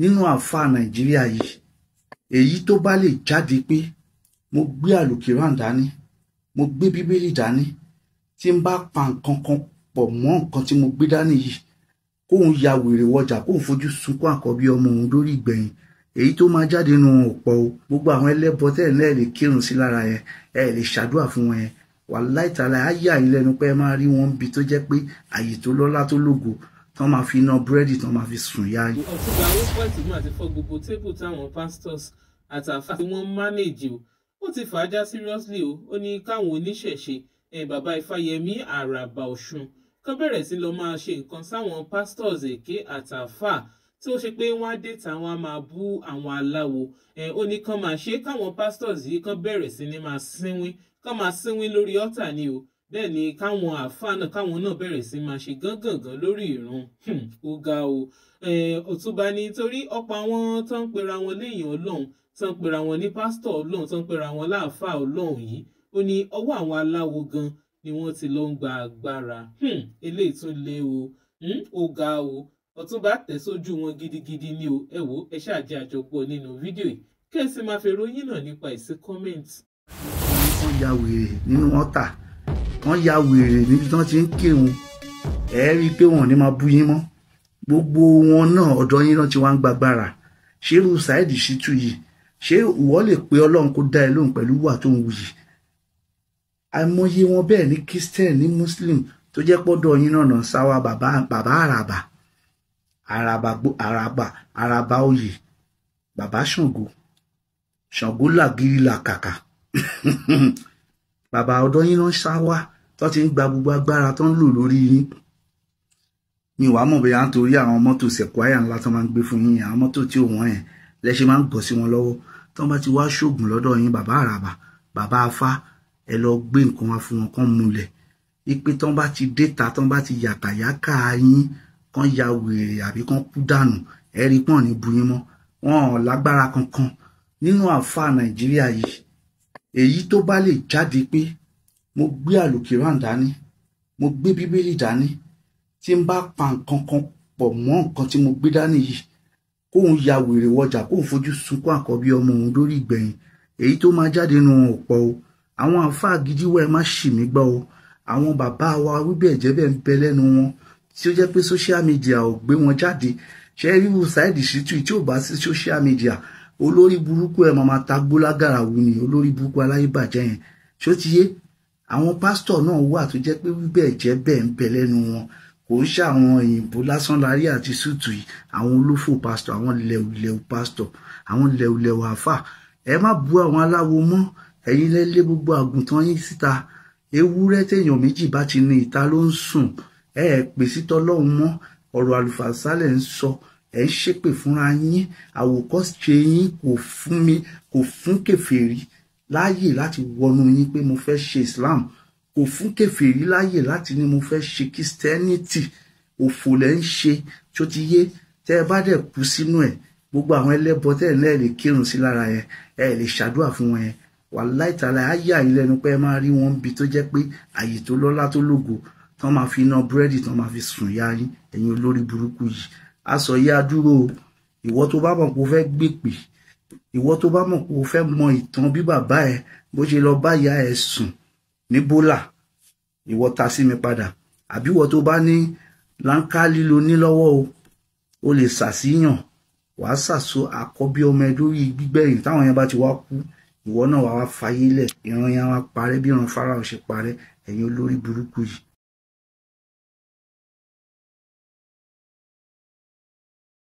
nínú àfa nàìjíríà yìí èyí tó bá lè jáde pé mo gbé àlùkìrán dání mo gbé bíbélì dání tí n bá pa nǹkan kan pọ̀ mọ́ nǹkan tí mo gbé dání yìí kóun ya wèrè wọjà kóun fojú sunkún àkọ́bí ọmọ òun lórí ìgbẹ̀yìn èyí tó máa jáde nù ọ̀pọ̀ o gbogbo àwọn ẹlẹ́bọ tẹ́ ẹ̀ náà lè kírun sí lára yẹn ẹ̀ lè ṣàdúrà fún wọn yẹn wàláìtàlá ayé àyìnlẹ́nu pé ẹ máa rí wọn bí tó jẹ́ pé àyè tó lọ́lá tó lógo tán máa fi iná búrẹ́dì tán máa fi sùn yá. ọ̀túnba rupert mà ti fọ gbogbo tébù táwọn pastors àtàfà tí wọ́n mánéèjì o ó ti fàájà seriously o ó ní káwọn oníṣẹ̀ṣe ẹ̀ bàbá ifáyẹmí àràbà ọ̀ṣun kan bẹ̀rẹ̀ sí lọ máa ṣe nǹkan sáwọn pastors èké àtàfà tí ó ṣe pé wọ́n á dé táwọn á máa bú àwọn aláwo ẹ̀ ó ní kán máa ṣe káwọn pastors yìí kán bẹ̀rẹ̀ sí ní máa sínwín kán máa sínwín lórí ọ́tà ni o bẹ́ẹ̀ ni káwọn àáfàá náà káwọn náà bẹ̀rẹ̀ sí máa ṣe gángangan lórí ìrun hmm, ó ga o ọ̀túnba ni torí ọ̀pọ̀ àwọn tó ń pera wọn léèyàn ọlọ́run tó ń pera wọn ní pásítọ̀ ọlọ́run tó ń pera wọn láàfáà ọlọ́run yìí ó ní ọwọ́ àwọn aláwo gan ni wọ́n ti lọ ń gba agbára hmm, eléyìí tún lé o hmm, ó ga o ọ̀túnba tẹ̀ sójú wọn gidigidi ni o ẹ wo ẹ ṣáà jẹ́ àjọpọ̀ nínú fídíò yìí kẹ́sì máa fèrò yín náà nípa ìsìn kọ́mẹ́ǹtì. ó ya wèrè nínú wọn tán ya wèrè níbi tán ti ń kírun ẹ rí i pé wọn ò ní máa bú yín mọ́ gbogbo wọn náà ọ̀dọ̀ yín náà ti wá ń gbàgbára ṣé irú Saheed Shittu yìí ṣé ìwọ lè pe Ọlọ́run kó dá ẹ lóhùn pẹ̀lú wà tó ń wù yìí àìmọye wọn bẹ́ẹ̀ ní Christian ní Muslim tó jẹ́ pọ́dọ̀ yín náà náà sáwà bàbá bàbá àràbà àràbà àràbà àràbà oyè bàbá Ṣàngó Ṣàngó làgìrì làkàkà bàbá ọ̀dọ̀ yín náà sáwà tó ti ń gba gbogbo agbára tó ń lò lórí yín mi wàá mọ̀ bóyá nítorí àwọn mọ́tò sẹ̀kúáyà ńlá tó máa ń gbé fún yín àwọn mọ́tò tí ò wọ́n yẹn lẹ́sẹ̀ máa ń gbọ́ sí wọn lọ́wọ́ tó bá ti wá ṣoògùn lọ́dọ̀ yín bàbá àràbà bàbá afá ẹ lọ gbé nǹkan wá fún wọn kán múlẹ̀ ipe tó bá ti déta tó bá ti yàkàyàkà yín kán ya wèrè àbí kán kú dànù ẹ rí pọ́n ní buyín mọ́ wọn ò lágbára kankan nínú àfa nàìjíríà yìí èyí tó bá lè jáde pé mo gbé àlùkìrán dání mo gbé bíbélì dání tí n bá pa nǹkan kan pọ̀ mọ́ nǹkan tí mo gbé dání yìí kóun ya wèrè wọjà kóun fojú sunkún àkọ́bí ọmọ òun lórí ìgbẹ̀yìn èyí tó máa jáde nu wọn ò pọ̀ o àwọn àáfàá gidi wẹ́ẹ́ má ṣì mí gbọ́ o àwọn bàbá wa wíbẹ̀ ẹ̀jẹ̀ bẹ́ẹ̀ ń bẹ lẹ́nu wọn tí ó jẹ́ pé social media ò gbé wọn jáde ṣe é ríru Saheed Shittu tí ò bá sí social media olórí burúkú ẹ̀ máa ta gbólágàrà wù ní olórí burúkú aláyébàjẹ́ yẹn ṣó ti yé àwọn pásítọ̀ náà wà tó jẹ́ pé bíbẹ̀ jẹ́ bẹ́ẹ̀ ń bẹ lẹ́nu wọn kò ń ṣe àwọn òyìnbó lásán lárí àti sùtù yìí àwọn olófò pásítọ̀ àwọn lẹ́wùlẹ́wù pásítọ̀ àwọn lẹ́wùlẹ́wù àáfà ẹ má bu àwọn aláwo mọ́ ẹ̀yin lẹ́lé gbogbo àgùntàn yín síta ewúrẹ́ téèyàn méjì bá ti ní ìta ló ń sùn ẹ ẹ̀ pè sí tọlọ́run mọ́ ọ̀rọ̀ àlùfàṣálẹ̀ ń sọ ẹ̀ ń ṣépè fúnra yín àwòkọ́ṣe yín kò fún mi kò fún kèfèrí láàyè láti wọnú yín pé mo fẹ́ ṣe Islam kò fún kèfèrí láàyè láti ní mo fẹ́ ṣe Christianity òfò lẹ́ ń ṣe tó ti yé tẹ́ ẹ bá dẹ̀ kú sínú ẹ̀ gbogbo àwọn ẹlẹ́bọ tẹ́ ẹ̀ náà lè kírun sí lára yẹn ẹ lè ṣàdúrà fún wọn yẹn wàláì tààlà ayé àìlẹ́nu pé ẹ máa rí wọn bí tó jẹ́ pé àyè tó lọ́lá tó lógo tán máa fi iná búrẹ́dì tán máa fi sùn ya yín ẹ̀yin olórí burúkú yìí a sọ yá dúró tó bá mọ̀ pé fẹ́ gbèpè ìwọ tó bá mọ̀ pé o fẹ́ mọ ìtàn bí bàbá ẹ bó ṣe lọ bá ìyá ẹ sùn ní bólà ìwọ ta sí mi padà àbí ìwọ tó bá ní láńká lílo ní lọ́wọ́ o o lè ṣàṣìyàn wàá ṣàṣọ àkọ́bí ọmọ ẹ lórí gbígbẹ̀yìn táwọn yẹn bá ti wá kú ìwọ náà wàá fayé lẹ̀ ìran yẹn wàá parẹ́ bí ìran Fáráò ṣe parẹ́ ẹ̀yin olórí burúkú yìí